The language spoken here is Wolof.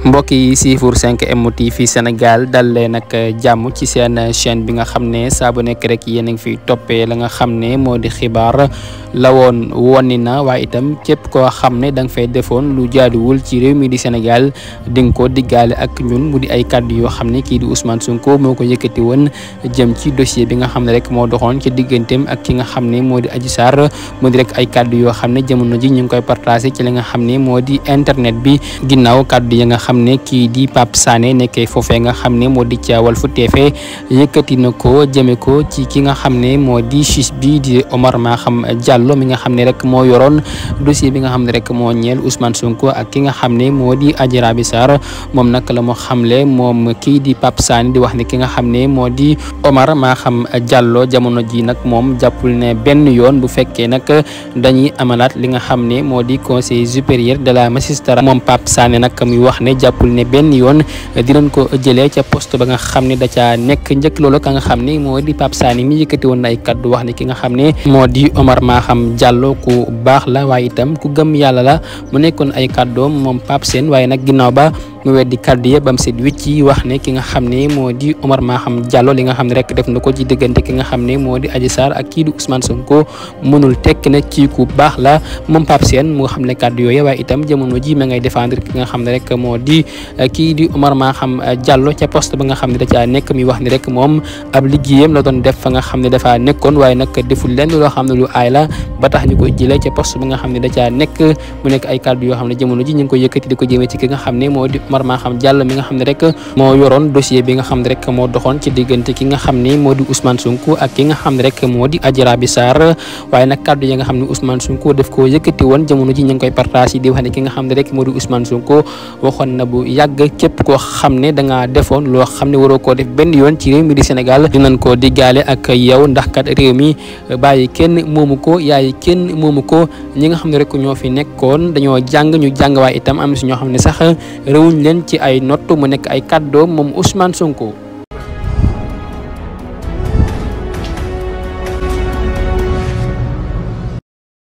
mbokk yi siifur 5M TV Sénégal dal leen nag jàmm ci seen chaîne bi nga xam ne saa bu nekk rek yéen a ngi fiy toppee la nga xam ne moo di xibaar la woon wonni na waaye itam képp koo xam ne da fay defoon lu jaaduwul ci réew mi di Sénégal di nga ko diggaale ak ñun mu di ay kaddu yoo xam ne kii di Ousmane Sonko moo ko yëkkati woon jëm ci dossier bi nga xam ne rek moo doxoon ci digganteem ak ki nga xam ne moo di Adji Sarr mu di rek ay kàddu yoo xam ne jamono ji ñu ngi koy partagé ci li nga xam ne moo di internet bi ginnaaw kàddu yi nga xam xam ne kii di Pape Sané nekkee foofee nga xam ne moo di ca Walf TV na ko jëme ko ci ki nga xam ne moo di chiche bi di Omar Maham Diallo mi nga xam ne rek moo yoroon dossier bi nga xam ne rek moo ñeel Ousmane Sonko ak ki nga xam ne moo di Adji Raby Sarr moom nag la mu xamle moom kii di pap Sané di wax ne ki nga xam ne moo di Omar xam Diallo jamono ji nag moom jàppul ne benn yoon bu fekkee nag dañuy amalaat li nga xam ne moo di conseil supérieur de la magistrature moom Pape Sané nag muy wax ne jàppul ne benn yoon dinañ ko jëlee ca post ba nga xam ne da ca nekk njëkk loolu ka nga xam ne moo di Pape Sané mi yëkkati woon ay kaddu wax ne ki nga xam ne moo di Omar xam jàlloo ku baax la waaye itam ku gëm yàlla la mu nekkoon ay kàddoom moom Pape Sène waaye nag ginnaaw ba mu weddi kàddu yëpp bam set wicc yi wax ne ki nga xam ne moo di Omar Maham Diallo li nga xam ne rek def na ko diggante ki nga xam ne moo di Adji Sarr ak kii di Ousmane Sonko la moom Pape Sène mu nga xam ne kàddu yooyu waaye itam jamono ji ma ngay défendre ki nga moo di kii di Omar Maham Diallo ca poste ba nga xam ne da caa nekk mi wax ne rek moom ab liggéeyam la ne dafaa nekkoon waaye nag deful lenn loo xam la ba tax ñu koy jëlee ca poste nekk mu nekk ay kàddu yoo xam ne jamono ji ñu ngi yëkkati di ko jëmee ci ki nga xam ne moo di Omar Maham Diallo mi nga xam ne rek moo yoroon dossier bi nga xam ne rek moo doxoon ci diggante ki nga xam ni moo di Ousmane Sonko ak ki nga xam ne rek moo di Adji Raby def koo yëkkati woon jamono ji ñu ngi koy partage yi di wax ne ki nga xam ne rek moo di waxoon na bu yàgg képp koo xam ne da ngaa defoon loo xam ne waroo koo def benn yoon ci réew mi di Sénégal dinañ ko diggaale ak yow ndax kat réew mi bàyyi kenn moomu ko yaay kenn moomu ko ñi nga xam ne rek ñoo fi nekkoon dañoo jàng ñu jàng waaye itam am si ñoo xam ne sax réewuñ leen ci ay nott mu nekk ay kàddoom moom usmaan Sonko.